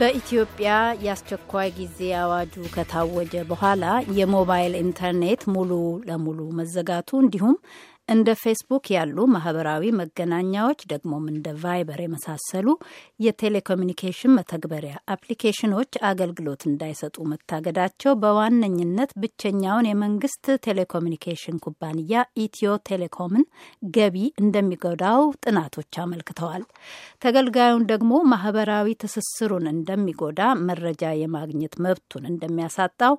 በኢትዮጵያ የአስቸኳይ ጊዜ አዋጁ ከታወጀ በኋላ የሞባይል ኢንተርኔት ሙሉ ለሙሉ መዘጋቱ እንዲሁም እንደ ፌስቡክ ያሉ ማህበራዊ መገናኛዎች ደግሞም እንደ ቫይበር የመሳሰሉ የቴሌኮሚኒኬሽን መተግበሪያ አፕሊኬሽኖች አገልግሎት እንዳይሰጡ መታገዳቸው በዋነኝነት ብቸኛውን የመንግስት ቴሌኮሚኒኬሽን ኩባንያ ኢትዮ ቴሌኮምን ገቢ እንደሚጎዳው ጥናቶች አመልክተዋል። ተገልጋዩን ደግሞ ማህበራዊ ትስስሩን እንደሚጎዳ፣ መረጃ የማግኘት መብቱን እንደሚያሳጣው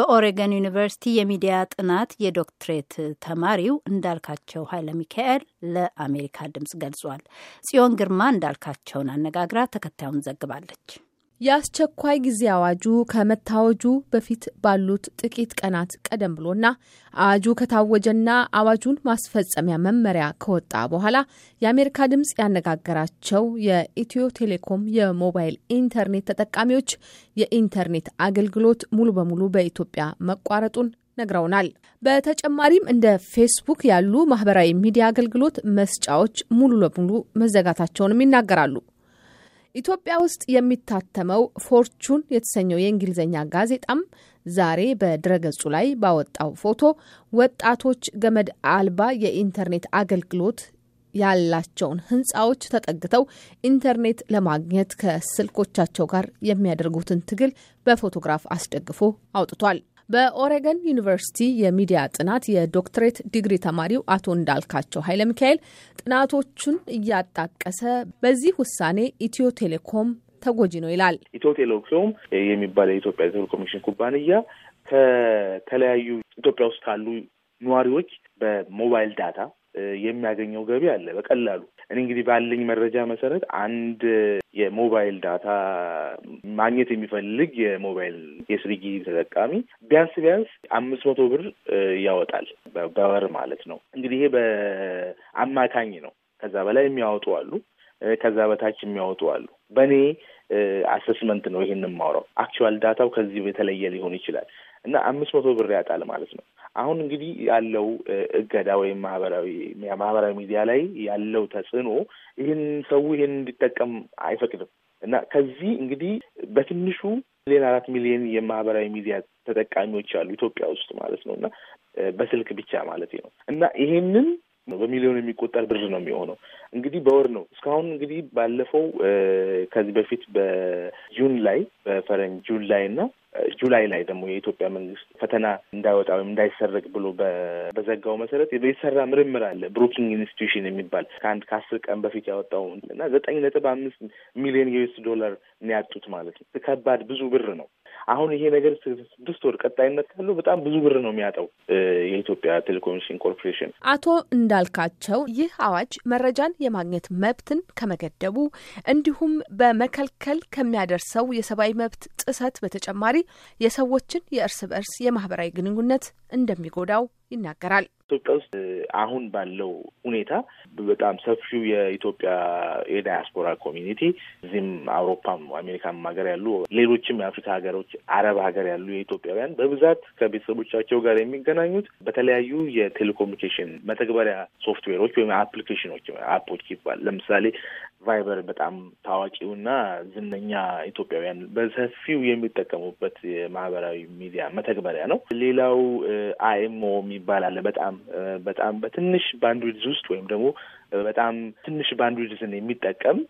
በኦሬገን ዩኒቨርሲቲ የሚዲያ ጥናት የዶክትሬት ተማሪው እንዳልካ እንዳልካቸው ኃይለ ሚካኤል ለአሜሪካ ድምጽ ገልጿል። ጽዮን ግርማ እንዳልካቸውን አነጋግራ ተከታዩን ዘግባለች። የአስቸኳይ ጊዜ አዋጁ ከመታወጁ በፊት ባሉት ጥቂት ቀናት ቀደም ብሎና አዋጁ ከታወጀና አዋጁን ማስፈጸሚያ መመሪያ ከወጣ በኋላ የአሜሪካ ድምፅ ያነጋገራቸው የኢትዮ ቴሌኮም የሞባይል ኢንተርኔት ተጠቃሚዎች የኢንተርኔት አገልግሎት ሙሉ በሙሉ በኢትዮጵያ መቋረጡን ነግረውናል። በተጨማሪም እንደ ፌስቡክ ያሉ ማህበራዊ ሚዲያ አገልግሎት መስጫዎች ሙሉ ለሙሉ መዘጋታቸውንም ይናገራሉ። ኢትዮጵያ ውስጥ የሚታተመው ፎርቹን የተሰኘው የእንግሊዝኛ ጋዜጣም ዛሬ በድረገጹ ላይ ባወጣው ፎቶ ወጣቶች ገመድ አልባ የኢንተርኔት አገልግሎት ያላቸውን ህንፃዎች ተጠግተው ኢንተርኔት ለማግኘት ከስልኮቻቸው ጋር የሚያደርጉትን ትግል በፎቶግራፍ አስደግፎ አውጥቷል። በኦሬገን ዩኒቨርሲቲ የሚዲያ ጥናት የዶክትሬት ዲግሪ ተማሪው አቶ እንዳልካቸው ኃይለ ሚካኤል ጥናቶቹን እያጣቀሰ በዚህ ውሳኔ ኢትዮ ቴሌኮም ተጎጂ ነው ይላል። ኢትዮ ቴሌኮም የሚባል የኢትዮጵያ ቴሌኮሚኒኬሽን ኩባንያ ከተለያዩ ኢትዮጵያ ውስጥ ካሉ ነዋሪዎች በሞባይል ዳታ የሚያገኘው ገቢ አለ በቀላሉ። እኔ እንግዲህ ባለኝ መረጃ መሰረት አንድ የሞባይል ዳታ ማግኘት የሚፈልግ የሞባይል የስሪጊ ተጠቃሚ ቢያንስ ቢያንስ አምስት መቶ ብር ያወጣል በወር ማለት ነው። እንግዲህ ይሄ በአማካኝ ነው። ከዛ በላይ የሚያወጡ አሉ፣ ከዛ በታች የሚያወጡ አሉ። በእኔ አሰስመንት ነው ይሄን የማውራው። አክቹዋል ዳታው ከዚህ የተለየ ሊሆን ይችላል። እና አምስት መቶ ብር ያጣል ማለት ነው። አሁን እንግዲህ ያለው እገዳ ወይም ማህበራዊ ማህበራዊ ሚዲያ ላይ ያለው ተጽዕኖ ይህን ሰው ይህን እንዲጠቀም አይፈቅድም እና ከዚህ እንግዲህ በትንሹ ሚሊዮን አራት ሚሊዮን የማህበራዊ ሚዲያ ተጠቃሚዎች አሉ ኢትዮጵያ ውስጥ ማለት ነው እና በስልክ ብቻ ማለት ነው እና ይሄንን በሚሊዮን የሚቆጠር ብር ነው የሚሆነው እንግዲህ በወር ነው። እስካሁን እንግዲህ ባለፈው ከዚህ በፊት በጁን ላይ በፈረንጅ ጁን ላይ እና ጁላይ ላይ ደግሞ የኢትዮጵያ መንግስት ፈተና እንዳይወጣ ወይም እንዳይሰረቅ ብሎ በዘጋው መሰረት የተሰራ ምርምር አለ ብሮኪንግ ኢንስቲትዩሽን የሚባል ከአንድ ከአስር ቀን በፊት ያወጣው እና ዘጠኝ ነጥብ አምስት ሚሊዮን የዩስ ዶላር ያጡት ማለት ነው። ከባድ ብዙ ብር ነው። አሁን ይሄ ነገር ስድስት ወር ቀጣይነት ካለው በጣም ብዙ ብር ነው የሚያጠው የኢትዮጵያ ቴሌኮሚኒኬሽን ኮርፖሬሽን። አቶ እንዳልካቸው ይህ አዋጅ መረጃን የማግኘት መብትን ከመገደቡ እንዲሁም በመከልከል ከሚያደርሰው የሰብአዊ መብት ጥሰት በተጨማሪ የሰዎችን የእርስ በእርስ የማህበራዊ ግንኙነት እንደሚጎዳው ይናገራል። ኢትዮጵያ ውስጥ አሁን ባለው ሁኔታ በጣም ሰፊው የኢትዮጵያ የዳያስፖራ ኮሚኒቲ እዚህም አውሮፓም አሜሪካም ሀገር ያሉ ሌሎችም የአፍሪካ ሀገሮች፣ አረብ ሀገር ያሉ የኢትዮጵያውያን በብዛት ከቤተሰቦቻቸው ጋር የሚገናኙት በተለያዩ የቴሌኮሙኒኬሽን መተግበሪያ ሶፍትዌሮች ወይም አፕሊኬሽኖች አፖች ይባል። ለምሳሌ ቫይበር በጣም ታዋቂውና ዝነኛ ኢትዮጵያውያን በሰፊው የሚጠቀሙበት የማህበራዊ ሚዲያ መተግበሪያ ነው። ሌላው አይኤምኦ የሚባል አለ። በጣም በጣም በትንሽ ባንድዊድዝ ውስጥ ወይም ደግሞ በጣም ትንሽ ባንድዊድዝን የሚጠቀም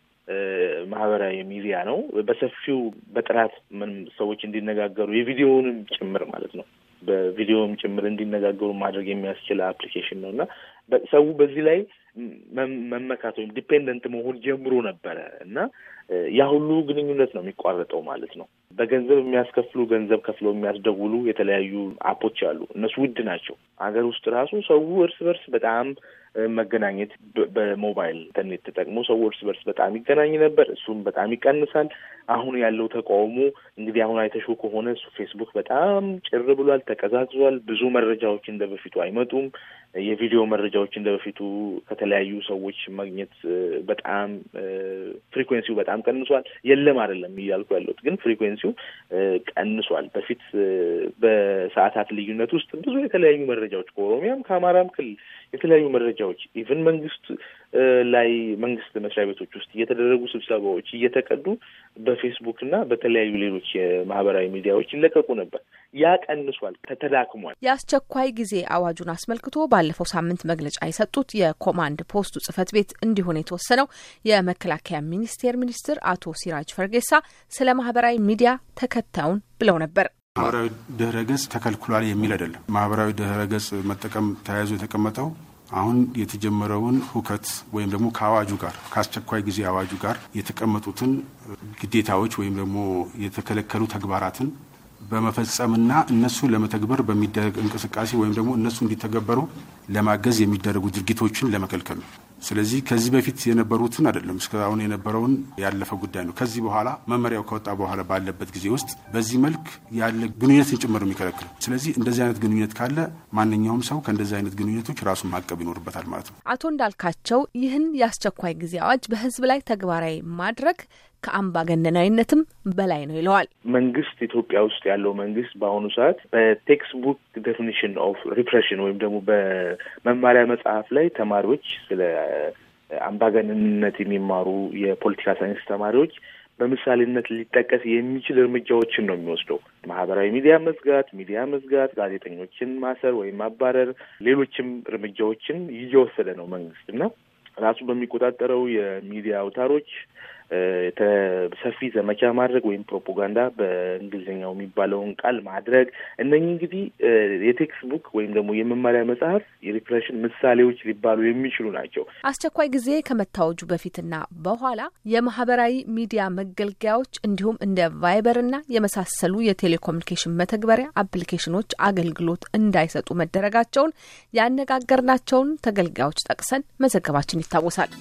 ማህበራዊ ሚዲያ ነው። በሰፊው በጥራት ምንም ሰዎች እንዲነጋገሩ የቪዲዮውንም ጭምር ማለት ነው በቪዲዮም ጭምር እንዲነጋገሩ ማድረግ የሚያስችል አፕሊኬሽን ነው እና ሰው በዚህ ላይ መመካት ወይም ዲፔንደንት መሆን ጀምሮ ነበረ እና ያ ሁሉ ግንኙነት ነው የሚቋረጠው ማለት ነው። በገንዘብ የሚያስከፍሉ ገንዘብ ከፍለው የሚያስደውሉ የተለያዩ አፖች አሉ። እነሱ ውድ ናቸው። አገር ውስጥ ራሱ ሰው እርስ በርስ በጣም መገናኘት በሞባይል ኢንተርኔት ተጠቅሞ ሰው እርስ በርስ በጣም ይገናኝ ነበር። እሱም በጣም ይቀንሳል። አሁን ያለው ተቃውሞ እንግዲህ አሁን አይተሾ ከሆነ እሱ ፌስቡክ በጣም ጭር ብሏል፣ ተቀዛቅዟል። ብዙ መረጃዎች እንደ በፊቱ አይመጡም። የቪዲዮ መረጃዎች እንደ በፊቱ ከተለያዩ ሰዎች ማግኘት በጣም ፍሪኩዌንሲው በጣም ቀንሷል። የለም አይደለም እያልኩ ያለሁት ግን ፍሪኩዌንሲ ዲፕሎማሲው ቀንሷል። በፊት በሰዓታት ልዩነት ውስጥ ብዙ የተለያዩ መረጃዎች ከኦሮሚያም ከአማራም ክልል የተለያዩ መረጃዎች ኢቨን መንግስት ላይ መንግስት መስሪያ ቤቶች ውስጥ እየተደረጉ ስብሰባዎች እየተቀዱ በፌስቡክ እና በተለያዩ ሌሎች የማህበራዊ ሚዲያዎች ይለቀቁ ነበር። ያ ቀንሷል፣ ተተዳክሟል። የአስቸኳይ ጊዜ አዋጁን አስመልክቶ ባለፈው ሳምንት መግለጫ የሰጡት የኮማንድ ፖስቱ ጽህፈት ቤት እንዲሆን የተወሰነው የመከላከያ ሚኒስቴር ሚኒስትር አቶ ሲራጅ ፈርጌሳ ስለ ማህበራዊ ሚዲያ ተከታዩን ብለው ነበር። ማህበራዊ ድህረ ገጽ ተከልክሏል የሚል አይደለም። ማህበራዊ ድህረ ገጽ መጠቀም ተያይዞ የተቀመጠው አሁን የተጀመረውን ሁከት ወይም ደግሞ ከአዋጁ ጋር ከአስቸኳይ ጊዜ አዋጁ ጋር የተቀመጡትን ግዴታዎች ወይም ደግሞ የተከለከሉ ተግባራትን በመፈጸምና እነሱ ለመተግበር በሚደረግ እንቅስቃሴ ወይም ደግሞ እነሱ እንዲተገበሩ ለማገዝ የሚደረጉ ድርጊቶችን ለመከልከል ነው። ስለዚህ ከዚህ በፊት የነበሩትን አይደለም እስካሁን የነበረውን ያለፈ ጉዳይ ነው። ከዚህ በኋላ መመሪያው ከወጣ በኋላ ባለበት ጊዜ ውስጥ በዚህ መልክ ያለ ግንኙነትን ጭምር የሚከለክል ስለዚህ እንደዚህ አይነት ግንኙነት ካለ ማንኛውም ሰው ከእንደዚህ አይነት ግንኙነቶች ራሱን ማቀብ ይኖርበታል ማለት ነው። አቶ እንዳልካቸው ይህን የአስቸኳይ ጊዜ አዋጅ በህዝብ ላይ ተግባራዊ ማድረግ ከአምባገነናዊነትም በላይ ነው ይለዋል። መንግስት ኢትዮጵያ ውስጥ ያለው መንግስት በአሁኑ ሰዓት በቴክስትቡክ ቡክ ዴፊኒሽን ኦፍ ሪፕሬሽን ወይም ደግሞ በመማሪያ መጽሐፍ ላይ ተማሪዎች ስለ አምባገነንነት የሚማሩ የፖለቲካ ሳይንስ ተማሪዎች በምሳሌነት ሊጠቀስ የሚችል እርምጃዎችን ነው የሚወስደው። ማህበራዊ ሚዲያ መዝጋት፣ ሚዲያ መዝጋት፣ ጋዜጠኞችን ማሰር ወይም ማባረር፣ ሌሎችም እርምጃዎችን እየወሰደ ነው መንግስት እና ራሱ በሚቆጣጠረው የሚዲያ አውታሮች ሰፊ ዘመቻ ማድረግ ወይም ፕሮፓጋንዳ በእንግሊዝኛው የሚባለውን ቃል ማድረግ እነኚህ እንግዲህ የቴክስት ቡክ ወይም ደግሞ የመማሪያ መጽሐፍ የሪፕሬሽን ምሳሌዎች ሊባሉ የሚችሉ ናቸው። አስቸኳይ ጊዜ ከመታወጁ በፊትና በኋላ የማህበራዊ ሚዲያ መገልገያዎች እንዲሁም እንደ ቫይበርና የመሳሰሉ የቴሌኮሙኒኬሽን መተግበሪያ አፕሊኬሽኖች አገልግሎት እንዳይሰጡ መደረጋቸውን ያነጋገርናቸውን ተገልጋዮች ጠቅሰን መዘገባችን ይታወሳል።